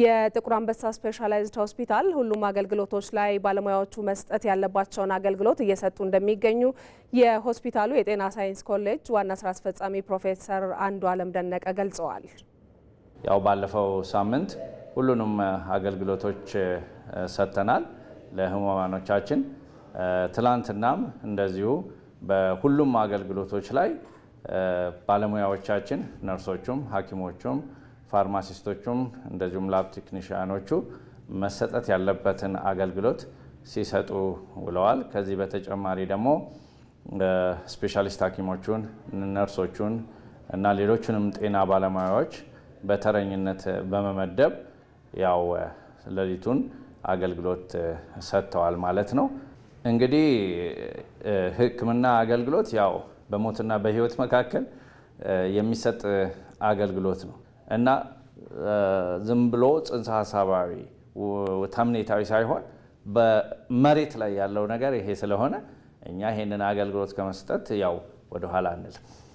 የጥቁር አንበሳ ስፔሻላይዝድ ሆስፒታል ሁሉም አገልግሎቶች ላይ ባለሙያዎቹ መስጠት ያለባቸውን አገልግሎት እየሰጡ እንደሚገኙ የሆስፒታሉ የጤና ሳይንስ ኮሌጅ ዋና ስራ አስፈጻሚ ፕሮፌሰር አንዱ አለም ደነቀ ገልጸዋል። ያው ባለፈው ሳምንት ሁሉንም አገልግሎቶች ሰጥተናል ለህሙማኖቻችን። ትላንትናም እንደዚሁ በሁሉም አገልግሎቶች ላይ ባለሙያዎቻችን ነርሶቹም ሐኪሞቹም ፋርማሲስቶቹም እንደዚሁም ላብ ቴክኒሽያኖቹ መሰጠት ያለበትን አገልግሎት ሲሰጡ ውለዋል። ከዚህ በተጨማሪ ደግሞ ስፔሻሊስት ሀኪሞቹን ነርሶቹን እና ሌሎቹንም ጤና ባለሙያዎች በተረኝነት በመመደብ ያው ሌሊቱን አገልግሎት ሰጥተዋል ማለት ነው። እንግዲህ ህክምና አገልግሎት ያው በሞትና በህይወት መካከል የሚሰጥ አገልግሎት ነው። እና ዝም ብሎ ጽንሰ ሀሳባዊ ተምኔታዊ ሳይሆን በመሬት ላይ ያለው ነገር ይሄ ስለሆነ እኛ ይሄንን አገልግሎት ከመስጠት ያው ወደኋላ አንልም።